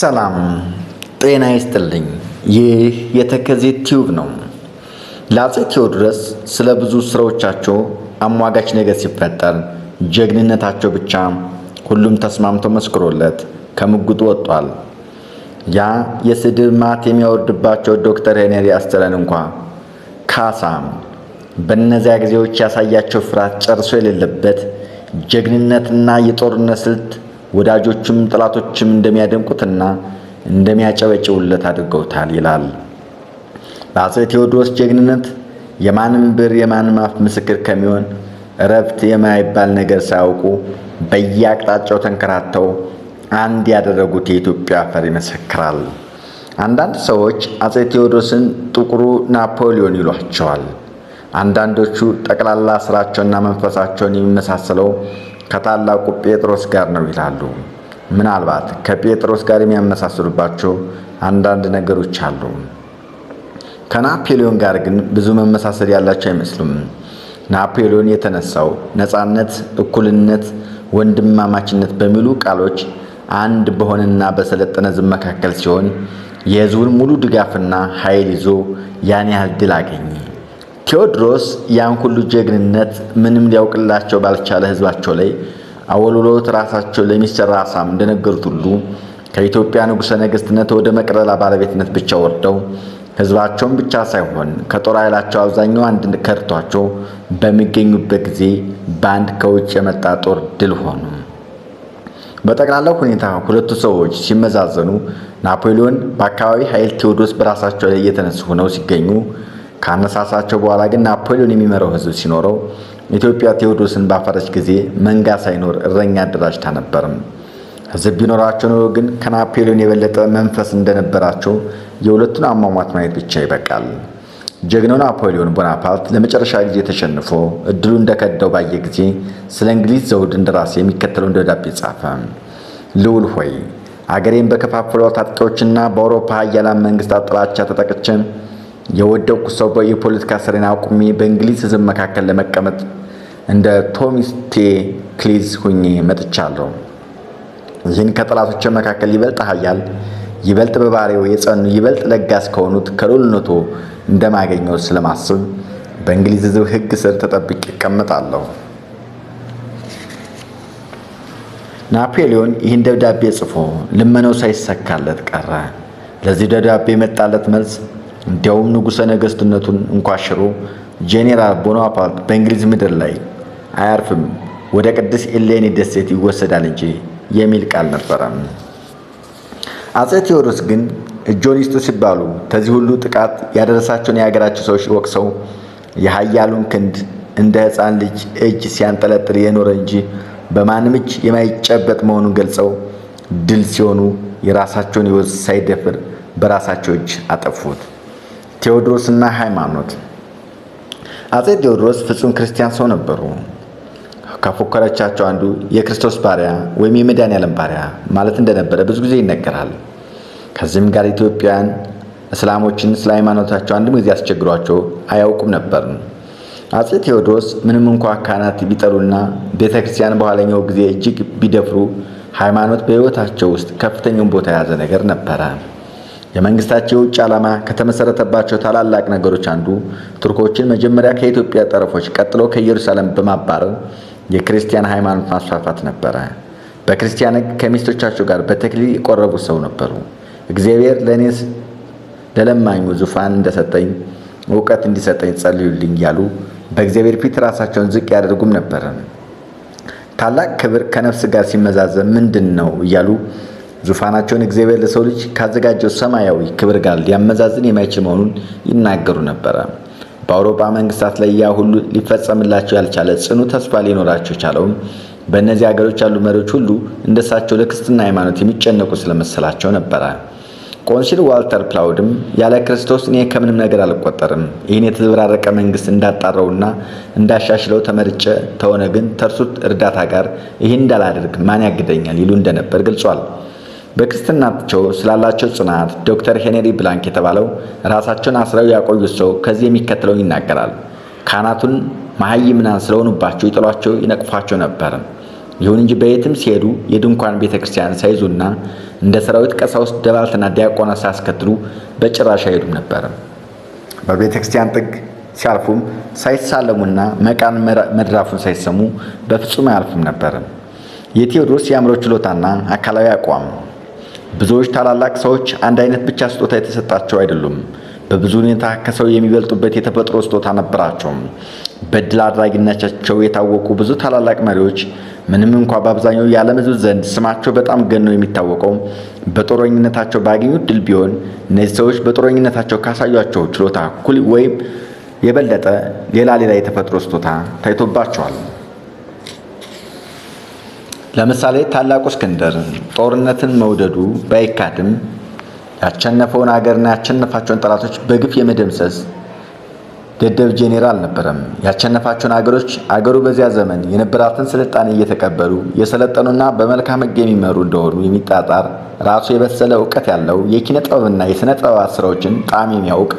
ሰላም ጤና ይስጥልኝ። ይህ የተከዜ ቲዩብ ነው። ለአፄ ቴዎድሮስ ስለ ብዙ ስራዎቻቸው አሟጋች ነገር ሲፈጠር ጀግንነታቸው ብቻ ሁሉም ተስማምቶ መስክሮለት ከምጉጡ ወጥቷል። ያ የስድብ ማት የሚያወርድባቸው ዶክተር ሄነሪ አስተለን እንኳ ካሳ በእነዚያ ጊዜዎች ያሳያቸው ፍርሃት ጨርሶ የሌለበት ጀግንነትና የጦርነት ስልት ወዳጆቹም ጠላቶችም እንደሚያደምቁትና እንደሚያጨበጭቡለት አድርገውታል ይላል። በአጼ ቴዎድሮስ ጀግንነት የማንም ብር የማንም አፍ ምስክር ከሚሆን እረፍት የማይባል ነገር ሳያውቁ በየአቅጣጫው ተንከራተው አንድ ያደረጉት የኢትዮጵያ አፈር ይመሰክራል። አንዳንድ ሰዎች አጼ ቴዎድሮስን ጥቁሩ ናፖሊዮን ይሏቸዋል። አንዳንዶቹ ጠቅላላ ስራቸውና መንፈሳቸውን የሚመሳሰለው ከታላቁ ጴጥሮስ ጋር ነው ይላሉ። ምናልባት ከጴጥሮስ ጋር የሚያመሳስሉባቸው አንዳንድ ነገሮች አሉ። ከናፖሊዮን ጋር ግን ብዙ መመሳሰል ያላቸው አይመስሉም። ናፖሊዮን የተነሳው ነፃነት፣ እኩልነት፣ ወንድማማችነት በሚሉ ቃሎች አንድ በሆነና በሰለጠነ ሕዝብ መካከል ሲሆን የሕዝቡን ሙሉ ድጋፍና ኃይል ይዞ ያን ያህል ድል አገኘ። ቴዎድሮስ ያን ሁሉ ጀግንነት ምንም ሊያውቅላቸው ባልቻለ ህዝባቸው ላይ አወልውሎት ራሳቸው ለሚሰራ አሳም እንደነገሩት ሁሉ ከኢትዮጵያ ንጉሠ ነገሥትነት ወደ መቅደላ ባለቤትነት ብቻ ወርደው ህዝባቸውን ብቻ ሳይሆን ከጦር ኃይላቸው አብዛኛው አንድ ከርቷቸው በሚገኙበት ጊዜ በአንድ ከውጭ የመጣ ጦር ድል ሆኑ። በጠቅላላው ሁኔታ ሁለቱ ሰዎች ሲመዛዘኑ ናፖሊዮን በአካባቢ ኃይል፣ ቴዎድሮስ በራሳቸው ላይ እየተነሱ ሆነው ሲገኙ ካነሳሳቸው በኋላ ግን ናፖሊዮን የሚመራው ህዝብ ሲኖረው ኢትዮጵያ ቴዎድሮስን ባፈረች ጊዜ መንጋ ሳይኖር እረኛ አደራጅታ ነበርም። ህዝብ ቢኖራቸው ኖሮ ግን ከናፖሊዮን የበለጠ መንፈስ እንደነበራቸው የሁለቱን አሟሟት ማየት ብቻ ይበቃል። ጀግናው ናፖሊዮን ቦናፓርት ለመጨረሻ ጊዜ ተሸንፎ እድሉ እንደከደው ባየ ጊዜ ስለ እንግሊዝ ዘውድ እንደራሴ የሚከተለውን ደብዳቤ ጻፈ። ልውል ሆይ አገሬን በከፋፈሏ ታጥቂዎችና በአውሮፓ ኃያላን መንግስታት ጥላቻ ተጠቅቼ የወደቁ ሰው የፖለቲካ ስራዬን አቁሜ በእንግሊዝ ህዝብ መካከል ለመቀመጥ እንደ ቶማስ ቴ ክሊዝ ሁኜ መጥቻለሁ። ይህን ከጠላቶች መካከል ይበልጥ ሀያል ይበልጥ በባሪያው የጸኑ፣ ይበልጥ ለጋስ ከሆኑት ከልዑልነቱ እንደማገኘው ስለማስብ በእንግሊዝ ህዝብ ህግ ስር ተጠብቅ ይቀመጣለሁ። ናፖሊዮን ይህን ደብዳቤ ጽፎ ልመነው ሳይሰካለት ቀረ። ለዚህ ደብዳቤ የመጣለት መልስ እንዲያውም ንጉሠ ነገሥትነቱን እንኳ ሽሮ ጄኔራል ቦናፓርት በእንግሊዝ ምድር ላይ አያርፍም፣ ወደ ቅድስት ኤሌኒ ደሴት ይወሰዳል እንጂ የሚል ቃል ነበረ። አጼ ቴዎድሮስ ግን እጆን ይስጡ ሲባሉ ከዚህ ሁሉ ጥቃት ያደረሳቸውን የሀገራቸው ሰዎች ወቅሰው የሀያሉን ክንድ እንደ ሕፃን ልጅ እጅ ሲያንጠለጥል የኖረ እንጂ በማንም እጅ የማይጨበጥ መሆኑን ገልጸው ድል ሲሆኑ የራሳቸውን ሕይወት ሳይደፍር በራሳቸው እጅ አጠፉት። ቴዎድሮስና ሃይማኖት አጼ ቴዎድሮስ ፍጹም ክርስቲያን ሰው ነበሩ። ከፎከረቻቸው አንዱ የክርስቶስ ባሪያ ወይም የመድኃኔዓለም ባሪያ ማለት እንደነበረ ብዙ ጊዜ ይነገራል። ከዚህም ጋር ኢትዮጵያን እስላሞችን ስለ ሃይማኖታቸው አንድም ጊዜ ያስቸግሯቸው አያውቁም ነበር። አጼ ቴዎድሮስ ምንም እንኳ ካህናት ቢጠሉና ቤተ ክርስቲያን በኋለኛው ጊዜ እጅግ ቢደፍሩ ሃይማኖት በሕይወታቸው ውስጥ ከፍተኛውን ቦታ የያዘ ነገር ነበረ። የመንግስታቸው የውጭ ዓላማ ከተመሰረተባቸው ታላላቅ ነገሮች አንዱ ቱርኮችን መጀመሪያ ከኢትዮጵያ ጠረፎች ቀጥሎ ከኢየሩሳሌም በማባረር የክርስቲያን ሃይማኖት ማስፋፋት ነበረ። በክርስቲያን ሕግ ከሚስቶቻቸው ጋር በተክሊል የቆረቡ ሰው ነበሩ። እግዚአብሔር ለእኔ ለለማኙ ዙፋን እንደሰጠኝ እውቀት እንዲሰጠኝ ጸልዩልኝ እያሉ በእግዚአብሔር ፊት ራሳቸውን ዝቅ ያደርጉም ነበረ። ታላቅ ክብር ከነፍስ ጋር ሲመዛዘን ምንድን ነው እያሉ ዙፋናቸውን እግዚአብሔር ለሰው ልጅ ካዘጋጀው ሰማያዊ ክብር ጋር ሊያመዛዝን የማይችል መሆኑን ይናገሩ ነበረ። በአውሮፓ መንግስታት ላይ ያ ሁሉ ሊፈጸምላቸው ያልቻለ ጽኑ ተስፋ ሊኖራቸው ቻለውም በእነዚህ ሀገሮች ያሉ መሪዎች ሁሉ እንደሳቸው ለክርስትና ሃይማኖት የሚጨነቁ ስለመሰላቸው ነበረ። ቆንሲል ዋልተር ፕላውድም ያለ ክርስቶስ እኔ ከምንም ነገር አልቆጠርም፣ ይህን የተዘበራረቀ መንግስት እንዳጣረውና እንዳሻሽለው ተመርጨ ተሆነ ግን ተርሱት እርዳታ ጋር ይህን እንዳላደርግ ማን ያግደኛል ይሉ እንደነበር ገልጿል። በክርስትናቸው ስላላቸው ጽናት ዶክተር ሄነሪ ብላንክ የተባለው ራሳቸውን አስረው ያቆዩት ሰው ከዚህ የሚከተለውን ይናገራል። ካህናቱን ምናን ስለሆኑባቸው ይጥሏቸው፣ ይነቅፏቸው ነበር። ይሁን እንጂ በየትም ሲሄዱ የድንኳን ቤተ ክርስቲያን ሳይዙና እንደ ሰራዊት ቀሳውስት፣ ደላልትና ዲያቆና ሳያስከትሉ በጭራሽ አይሄዱም ነበር። በቤተ ክርስቲያን ጥግ ሲያልፉም ሳይሳለሙና መቃን መድራፉን ሳይሰሙ በፍጹም አያልፉም ነበር። የቴዎድሮስ የአእምሮ ችሎታና አካላዊ አቋም ብዙዎች ታላላቅ ሰዎች አንድ አይነት ብቻ ስጦታ የተሰጣቸው አይደሉም። በብዙ ሁኔታ ከሰው የሚበልጡበት የተፈጥሮ ስጦታ ነበራቸው። በድል አድራጊነታቸው የታወቁ ብዙ ታላላቅ መሪዎች ምንም እንኳ በአብዛኛው የዓለም ሕዝብ ዘንድ ስማቸው በጣም ገኖ የሚታወቀው በጦረኝነታቸው ባገኙት ድል ቢሆን እነዚህ ሰዎች በጦረኝነታቸው ካሳያቸው ችሎታ እኩል ወይም የበለጠ ሌላ ሌላ የተፈጥሮ ስጦታ ታይቶባቸዋል። ለምሳሌ ታላቁ እስክንድር ጦርነትን መውደዱ ባይካድም ያቸነፈውን አገርና ያቸነፋቸውን ጠላቶች በግፍ የመደምሰስ ደደብ ጄኔራል ነበረም። ያቸነፋቸውን አገሮች አገሩ በዚያ ዘመን የነበራትን ስልጣኔ እየተቀበሉ የሰለጠኑና በመልካም ሕግ የሚመሩ እንደሆኑ የሚጣጣር ራሱ የበሰለ እውቀት ያለው የኪነ ጥበብና የሥነ ጥበባት ስራዎችን ጣም የሚያውቅ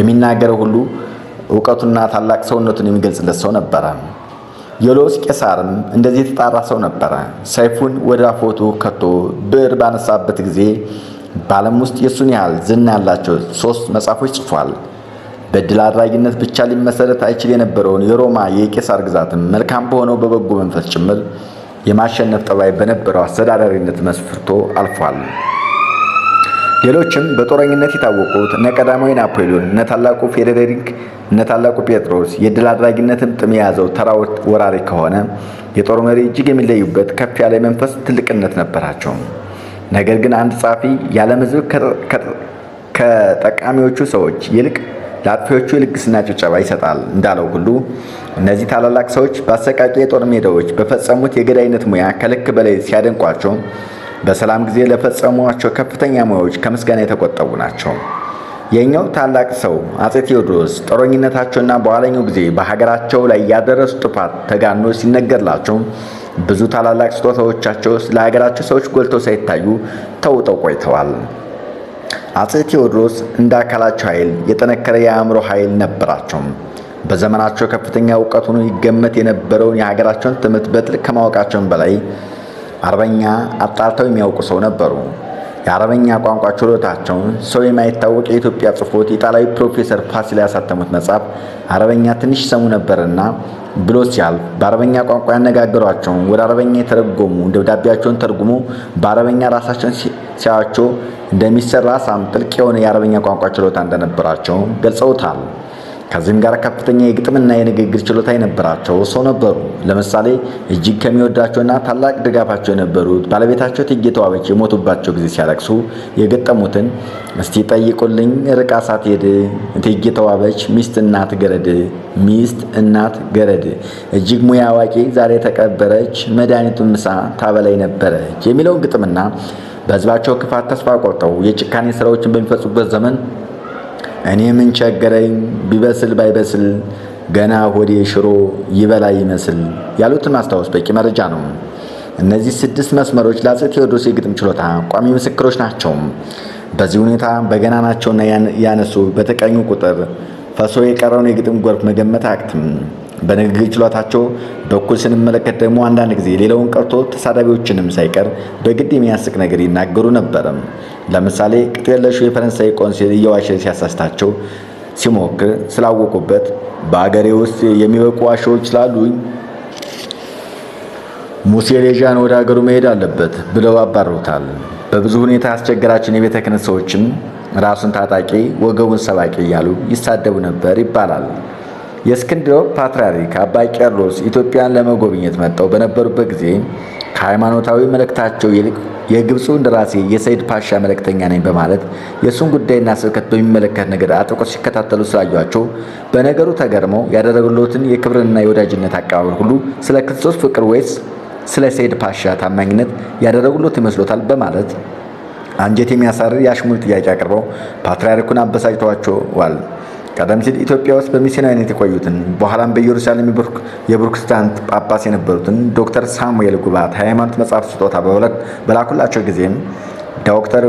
የሚናገረው ሁሉ እውቀቱና ታላቅ ሰውነቱን የሚገልጽለት ሰው ነበረ። የሎስ ቄሳርም እንደዚህ የተጣራ ሰው ነበረ። ሰይፉን ወደ አፎቱ ከቶ ብዕር ባነሳበት ጊዜ በዓለም ውስጥ የእሱን ያህል ዝና ያላቸው ሦስት መጽሐፎች ጽፏል። በድል አድራጊነት ብቻ ሊመሰረት አይችል የነበረውን የሮማ የቄሳር ግዛትም መልካም በሆነው በበጎ መንፈስ ጭምር የማሸነፍ ጠባይ በነበረው አስተዳዳሪነት መስፍርቶ አልፏል። ሌሎችም በጦረኝነት የታወቁት እነ ቀዳማዊ ናፖሊዮን፣ እነ ታላቁ ፌዴሪክ፣ እነ ታላቁ ጴጥሮስ የድል አድራጊነትን ጥም የያዘው ተራ ወራሪ ከሆነ የጦር መሪ እጅግ የሚለዩበት ከፍ ያለ መንፈስ ትልቅነት ነበራቸው። ነገር ግን አንድ ጸሐፊ የዓለም ሕዝብ ከጠቃሚዎቹ ሰዎች ይልቅ ለአጥፊዎቹ ልግስና ጭብጨባ ይሰጣል እንዳለው ሁሉ እነዚህ ታላላቅ ሰዎች በአሰቃቂ የጦር ሜዳዎች በፈጸሙት የገዳይነት ሙያ ከልክ በላይ ሲያደንቋቸው በሰላም ጊዜ ለፈጸሟቸው ከፍተኛ ሙያዎች ከምስጋና የተቆጠቡ ናቸው። የኛው ታላቅ ሰው አጼ ቴዎድሮስ ጦረኝነታቸውና በኋለኛው ጊዜ በሀገራቸው ላይ ያደረሱ ጥፋት ተጋኖ ሲነገርላቸው ብዙ ታላላቅ ስጦታዎቻቸው ስለ ሀገራቸው ሰዎች ጎልተው ሳይታዩ ተውጠው ቆይተዋል። አጼ ቴዎድሮስ እንደ አካላቸው ኃይል የጠነከረ የአእምሮ ኃይል ነበራቸው። በዘመናቸው ከፍተኛ እውቀት ሆኖ ይገመት የነበረውን የሀገራቸውን ትምህርት በጥልቅ ከማወቃቸውን በላይ አርበኛ አጣርተው የሚያውቁ ሰው ነበሩ። የአረበኛ ቋንቋ ችሎታቸውን ሰው የማይታወቅ የኢትዮጵያ ጽፎት የጣሊያዊ ፕሮፌሰር ፋሲል ያሳተሙት መጽሐፍ አረበኛ ትንሽ ሰሙ ነበርና ብሎ ሲያልፍ በአረበኛ ቋንቋ ያነጋገሯቸውን ወደ አረበኛ የተረጎሙ ደብዳቤያቸውን ተርጉሞ በአረበኛ ራሳቸውን ሲያቸው እንደሚሰራ ሳም ጥልቅ የሆነ የአረበኛ ቋንቋ ችሎታ እንደነበራቸው ገልጸውታል። ከዚህም ጋር ከፍተኛ የግጥምና የንግግር ችሎታ የነበራቸው ሰው ነበሩ። ለምሳሌ እጅግ ከሚወዳቸውና ታላቅ ድጋፋቸው የነበሩት ባለቤታቸው እቴጌ ተዋበች የሞቱባቸው ጊዜ ሲያለቅሱ የገጠሙትን እስቲ ጠይቁልኝ ርቃ ሳትሄድ እቴጌ ተዋበች ሚስት እናት ገረድ ሚስት እናት ገረድ እጅግ ሙያ አዋቂ ዛሬ ተቀበረች መድኃኒቱን ምሳ ታበላይ ነበረች የሚለውን ግጥምና በህዝባቸው ክፋት ተስፋ ቆርጠው የጭካኔ ስራዎችን በሚፈጽሙበት ዘመን እኔ ምን ቸገረኝ ቢበስል ባይበስል ገና ሆዴ ሽሮ ይበላ ይመስል ያሉትን ማስታወስ በቂ መረጃ ነው። እነዚህ ስድስት መስመሮች ለአፄ ቴዎድሮስ የግጥም ችሎታ ቋሚ ምስክሮች ናቸው። በዚህ ሁኔታ በገና ናቸውና ያነሱ በተቀኙ ቁጥር ፈሶ የቀረውን የግጥም ጎርፍ መገመት አያቅትም። በንግግር ችሏታቸው በኩል ስንመለከት ደግሞ አንዳንድ ጊዜ ሌላውን ቀርቶ ተሳዳቢዎችንም ሳይቀር በግድ የሚያስቅ ነገር ይናገሩ ነበርም ለምሳሌ ቅጥ የለሹ የፈረንሳይ ቆንሲል እየዋሸ ሲያሳስታቸው ሲሞክር ስላወቁበት በአገሬ ውስጥ የሚበቁ ዋሾዎች ስላሉኝ ሙሴ ሌዣን ወደ አገሩ መሄድ አለበት ብለው አባረውታል። በብዙ ሁኔታ ያስቸገራችን የቤተ ክህነት ሰዎችም ራሱን ታጣቂ ወገቡን ሰባቂ እያሉ ይሳደቡ ነበር ይባላል። የእስክንድርያው ፓትርያርክ አባ ቄርሎስ ኢትዮጵያን ለመጎብኘት መጥተው በነበሩበት ጊዜ ከሃይማኖታዊ መልእክታቸው ይልቅ የግብፁ እንደራሴ የሰይድ ፓሻ መልእክተኛ ነኝ በማለት የእሱን ጉዳይና ስብከት በሚመለከት ነገር አጥብቆ ሲከታተሉ ስላዩቸው በነገሩ ተገርመው ያደረጉለትን የክብርንና የወዳጅነት አቀባበል ሁሉ ስለ ክርስቶስ ፍቅር ወይስ ስለ ሰይድ ፓሻ ታማኝነት ያደረጉለት ይመስሎታል በማለት አንጀት የሚያሳርር የአሽሙል ጥያቄ አቅርበው ፓትርያርኩን አበሳጭተዋቸዋል። ቀደም ሲል ኢትዮጵያ ውስጥ በሚስዮን አይነት የቆዩትን በኋላም በኢየሩሳሌም የፕሮቴስታንት ጳጳስ የነበሩትን ዶክተር ሳሙኤል ጉባት ሃይማኖት መጽሐፍ ስጦታ በላኩላቸው ጊዜም ዶክተር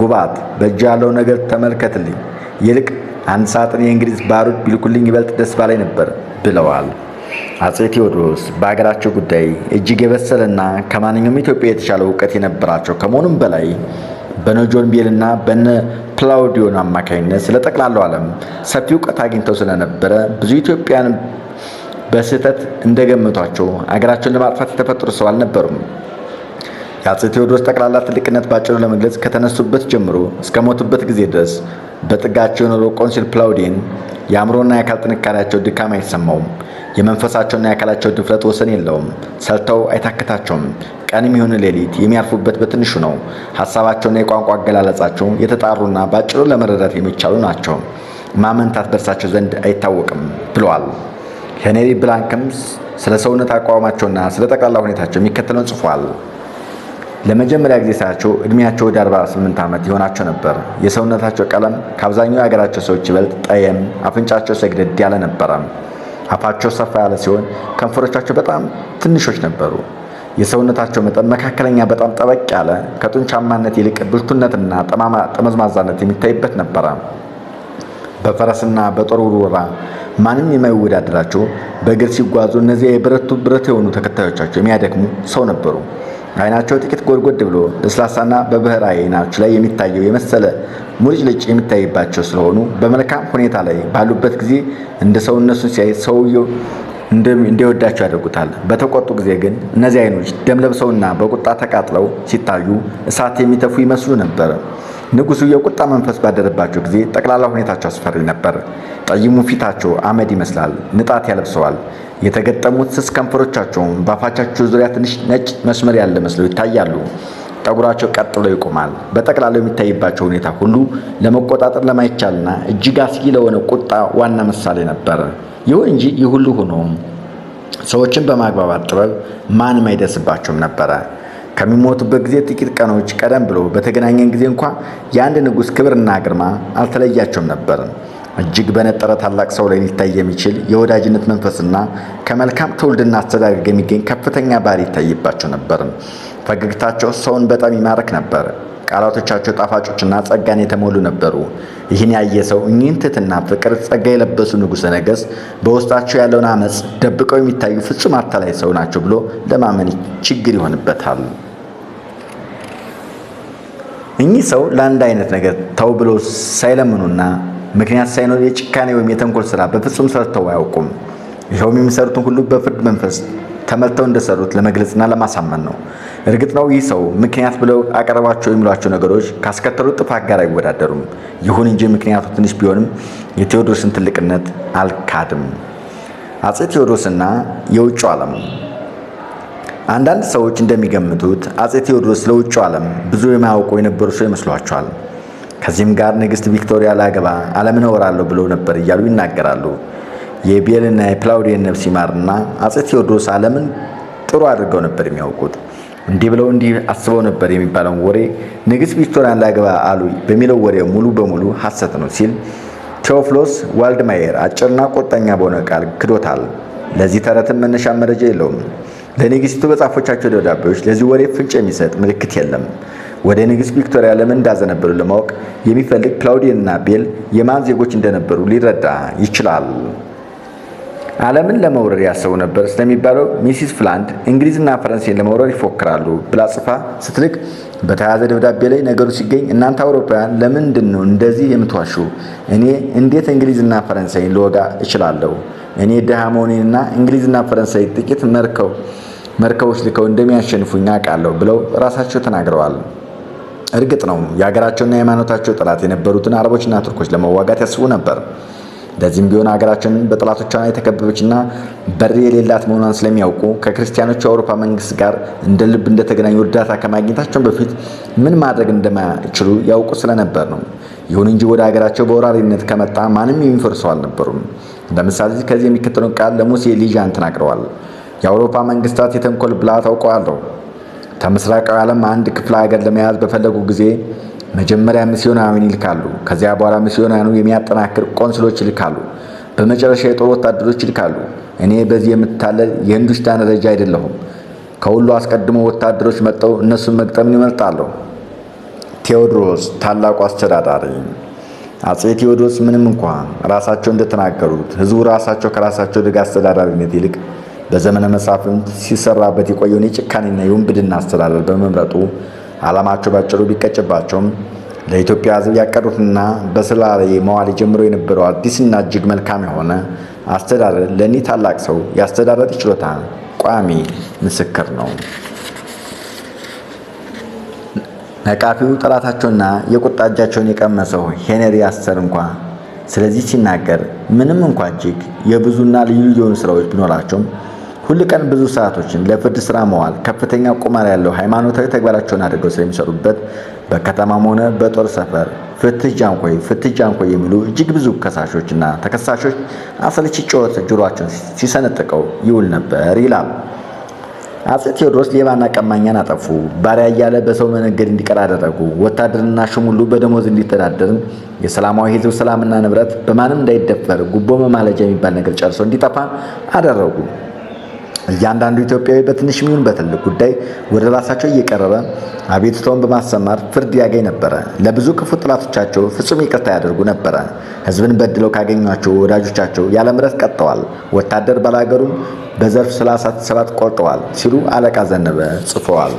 ጉባት በእጅ ያለው ነገር ተመልከትልኝ፣ ይልቅ አንድ ሳጥን የእንግሊዝ ባሩድ ቢልኩልኝ ይበልጥ ደስ ባላይ ነበር ብለዋል። አጼ ቴዎድሮስ በሀገራቸው ጉዳይ እጅግ የበሰለና ከማንኛውም ኢትዮጵያ የተሻለ እውቀት የነበራቸው ከመሆኑም በላይ በነ ጆን ቤልና በነ ፕላውዲዮን አማካኝነት ስለ ጠቅላላው ዓለም ሰፊ እውቀት አግኝተው ስለነበረ ብዙ ኢትዮጵያን በስህተት እንደገመቷቸው አገራቸውን ለማጥፋት የተፈጠሩ ሰው አልነበሩም። የአጼ ቴዎድሮስ ጠቅላላ ትልቅነት ባጭሩ ለመግለጽ ከተነሱበት ጀምሮ እስከ ሞቱበት ጊዜ ድረስ በጥጋቸው የኖረው ቆንሲል ፕላውዲን የአእምሮና የአካል ጥንካሬያቸው ድካም አይሰማውም። የመንፈሳቸውና የአካላቸው ድፍረት ወሰን የለውም። ሰልተው አይታክታቸውም። ቀንም ይሁን ሌሊት የሚያርፉበት በትንሹ ነው። ሀሳባቸውና የቋንቋ አገላለጻቸው የተጣሩና በአጭሩ ለመረዳት የሚቻሉ ናቸው። ማመንታት በእርሳቸው ዘንድ አይታወቅም ብለዋል። ሄኔሪ ብላንክም ስለ ሰውነት አቋማቸውና ስለ ጠቅላላ ሁኔታቸው የሚከተለውን ጽፏል። ለመጀመሪያ ጊዜ ሳያቸው እድሜያቸው ወደ 48 ዓመት የሆናቸው ነበር። የሰውነታቸው ቀለም ከአብዛኛው የሀገራቸው ሰዎች ይበልጥ ጠየም፣ አፍንጫቸው ሰግደድ ያለ ነበረ። አፋቸው ሰፋ ያለ ሲሆን ከንፈሮቻቸው በጣም ትንሾች ነበሩ። የሰውነታቸው መጠን መካከለኛ፣ በጣም ጠበቅ ያለ ከጡንቻማነት ይልቅ ብልቱነትና ጠመዝማዛነት የሚታይበት ነበረ። በፈረስና በጦር ውርወራ ማንም የማይወዳደራቸው በእግር ሲጓዙ እነዚያ የብረቱ ብረት የሆኑ ተከታዮቻቸው የሚያደክሙ ሰው ነበሩ። አይናቸው ጥቂት ጎድጎድ ብሎ ለስላሳና በብህር አይናቸው ላይ የሚታየው የመሰለ ሙልጭ ልጭ የሚታይባቸው ስለሆኑ በመልካም ሁኔታ ላይ ባሉበት ጊዜ እንደ ሰውነቱን ሲያይ ሰውየው እንዲወዳቸው ያደርጉታል። በተቆጡ ጊዜ ግን እነዚህ አይኖች ደም ለብሰውና በቁጣ ተቃጥለው ሲታዩ እሳት የሚተፉ ይመስሉ ነበር። ንጉሡ የቁጣ መንፈስ ባደረባቸው ጊዜ ጠቅላላ ሁኔታቸው አስፈሪ ነበር። ጠይሙ ፊታቸው አመድ ይመስላል፣ ንጣት ያለብሰዋል። የተገጠሙት ስስ ከንፈሮቻቸውም በአፋቻቸው ዙሪያ ትንሽ ነጭ መስመር ያለ መስለው ይታያሉ። ጠጉራቸው ቀጥ ብሎ ይቆማል። በጠቅላላው የሚታይባቸው ሁኔታ ሁሉ ለመቆጣጠር ለማይቻልና እጅግ አስጊ ለሆነ ቁጣ ዋና ምሳሌ ነበር። ይሁን እንጂ ይህ ሁሉ ሆኖ ሰዎችን በማግባባት ጥበብ ማንም አይደርስባቸውም ነበረ። ከሚሞቱበት ጊዜ ጥቂት ቀኖች ቀደም ብሎ በተገናኘን ጊዜ እንኳ የአንድ ንጉሥ ክብርና ግርማ አልተለያቸውም ነበር። እጅግ በነጠረ ታላቅ ሰው ላይ ሊታይ የሚችል የወዳጅነት መንፈስና ከመልካም ትውልድና አስተዳደግ የሚገኝ ከፍተኛ ባህሪ ይታይባቸው ነበር። ፈገግታቸው ሰውን በጣም ይማርክ ነበር። ቃላቶቻቸው ጣፋጮችና ጸጋን የተሞሉ ነበሩ። ይህን ያየ ሰው እኚህን ፍቅር፣ ጸጋ የለበሱ ንጉሠ ነገሥት በውስጣቸው ያለውን አመፅ ደብቀው የሚታዩ ፍጹም አታላይ ሰው ናቸው ብሎ ለማመን ችግር ይሆንበታል። እኚህ ሰው ለአንድ አይነት ነገር ተው ብለው ሳይለምኑና ምክንያት ሳይኖር የጭካኔ ወይም የተንኮል ስራ በፍጹም ሰርተው አያውቁም። ይኸውም የሚሰሩትን ሁሉ በፍርድ መንፈስ ተመልተው እንደሰሩት ለመግለጽና ለማሳመን ነው። እርግጥ ነው ይህ ሰው ምክንያት ብለው አቀረባቸው የሚሏቸው ነገሮች ካስከተሉት ጥፋት ጋር አይወዳደሩም። ይሁን እንጂ ምክንያቱ ትንሽ ቢሆንም የቴዎድሮስን ትልቅነት አልካድም። አፄ ቴዎድሮስና የውጭው ዓለም አንዳንድ ሰዎች እንደሚገምቱት አጼ ቴዎድሮስ ለውጭው ዓለም ብዙ የማያውቁ የነበሩ ሰው ይመስሏቸዋል። ከዚህም ጋር ንግሥት ቪክቶሪያ ላገባ ዓለምን እወራለሁ ብለው ነበር እያሉ ይናገራሉ። የቤልና የፕላውዴን ነፍስ ይማርና አጼ ቴዎድሮስ ዓለምን ጥሩ አድርገው ነበር የሚያውቁት። እንዲህ ብለው እንዲህ አስበው ነበር የሚባለውን ወሬ ንግሥት ቪክቶሪያን ላገባ አሉ በሚለው ወሬ ሙሉ በሙሉ ሐሰት ነው ሲል ቴዎፍሎስ ዋልድማየር አጭርና ቁርጠኛ በሆነ ቃል ክዶታል። ለዚህ ተረትም መነሻ መረጃ የለውም። ለንግስቱ በጻፎቻቸው ደብዳቤዎች ለዚህ ወሬ ፍንጭ የሚሰጥ ምልክት የለም። ወደ ንግስ ቪክቶሪያ ለምን እንዳዘነበሉ ለማወቅ የሚፈልግ ክላውዲየንና ቤል የማን ዜጎች እንደነበሩ ሊረዳ ይችላል። ዓለምን ለመውረር ያሰቡ ነበር ስለሚባለው ሚሲስ ፍላንድ እንግሊዝና ፈረንሳይን ለመውረር ይፎክራሉ ብላ ጽፋ ስትልክ በተያያዘ ደብዳቤ ላይ ነገሩ ሲገኝ እናንተ አውሮፓውያን ለምንድን ነው እንደዚህ የምትዋሹ? እኔ እንዴት እንግሊዝና ፈረንሳይን ልወጋ እችላለሁ? እኔ ድሃ መሆኔንና እንግሊዝና ፈረንሳይ ጥቂት መርከው መርከቦች ልከው እንደሚያሸንፉኝ አውቃለሁ ብለው ራሳቸው ተናግረዋል። እርግጥ ነው የሀገራቸውና የሃይማኖታቸው ጠላት የነበሩትን አረቦችና ቱርኮች ለመዋጋት ያስቡ ነበር። እንደዚህም ቢሆን ሀገራቸውን በጠላቶቿ የተከበበችና በር የሌላት መሆኗን ስለሚያውቁ ከክርስቲያኖቹ የአውሮፓ መንግስት ጋር እንደ ልብ እንደተገናኙ እርዳታ ከማግኘታቸው በፊት ምን ማድረግ እንደማይችሉ ያውቁ ስለነበር ነው። ይሁን እንጂ ወደ ሀገራቸው በወራሪነት ከመጣ ማንም የሚፈርሰው አልነበሩም። ለምሳሌ ከዚህ የሚከተለውን ቃል ለሙሴ ሊዣን ተናግረዋል። የአውሮፓ መንግስታት የተንኮል ብልሃት አውቀዋለሁ። ከምስራቃዊ ዓለም አንድ ክፍለ ሀገር ለመያዝ በፈለጉ ጊዜ መጀመሪያ ሚስዮናዊን ይልካሉ። ከዚያ በኋላ ሚስዮናኑ የሚያጠናክር ቆንስሎች ይልካሉ። በመጨረሻ የጦር ወታደሮች ይልካሉ። እኔ በዚህ የምትታለል የሂንዱስታን ደረጃ አይደለሁም። ከሁሉ አስቀድሞ ወታደሮች መጠው እነሱን መግጠምን ይመርጣሉ። ቴዎድሮስ ታላቁ አስተዳዳሪ አጼ ቴዎድሮስ ምንም እንኳን ራሳቸው እንደተናገሩት ህዝቡ ራሳቸው ከራሳቸው ደግ አስተዳዳሪነት ይልቅ በዘመነ መሳፍንት ሲሰራበት የቆየውን የጭካኔና የውንብድና አስተዳደር በመምረጡ ዓላማቸው ባጭሩ ቢቀጭባቸውም ለኢትዮጵያ ሕዝብ ያቀዱትና በስራ ላይ መዋል ጀምሮ የነበረው አዲስና እጅግ መልካም የሆነ አስተዳደር ለእኒህ ታላቅ ሰው የአስተዳደር ችሎታ ቋሚ ምስክር ነው። ነቃፊው ጠላታቸውና የቁጣ እጃቸውን የቀመሰው ሄነሪ አስተር እንኳ ስለዚህ ሲናገር ምንም እንኳ እጅግ የብዙና ልዩ ልዩ የሆኑ ስራዎች ቢኖራቸውም ሁል ቀን ብዙ ሰዓቶችን ለፍርድ ስራ መዋል ከፍተኛ ቁማር ያለው ሃይማኖታዊ ተግባራቸውን አድርገው ስለሚሰሩበት በከተማም ሆነ በጦር ሰፈር ፍትህ ጃንኮይ ፍትህ ጃንኮይ የሚሉ እጅግ ብዙ ከሳሾችና ተከሳሾች አሰልቺ ጩኸት ጆሯቸውን ሲሰነጥቀው ይውል ነበር ይላል። አጼ ቴዎድሮስ ሌባና ቀማኛን አጠፉ። ባሪያ እያለ በሰው መነገድ እንዲቀር አደረጉ። ወታደርና ሹሙሉ በደሞዝ እንዲተዳደር፣ የሰላማዊ ህዝብ ሰላምና ንብረት በማንም እንዳይደፈር፣ ጉቦ መማለጃ የሚባል ነገር ጨርሶ እንዲጠፋ አደረጉ። እያንዳንዱ ኢትዮጵያዊ በትንሽ ሚሆን በትልቅ ጉዳይ ወደ ራሳቸው እየቀረበ አቤቱታውን በማሰማር ፍርድ ያገኝ ነበረ። ለብዙ ክፉ ጥላቶቻቸው ፍጹም ይቅርታ ያደርጉ ነበረ። ህዝብን በድለው ካገኟቸው ወዳጆቻቸው ያለ ምሕረት ቀጥተዋል። ወታደር ባላገሩን በዘርፍ 37 ቆርጠዋል ሲሉ አለቃ ዘነበ ጽፈዋል።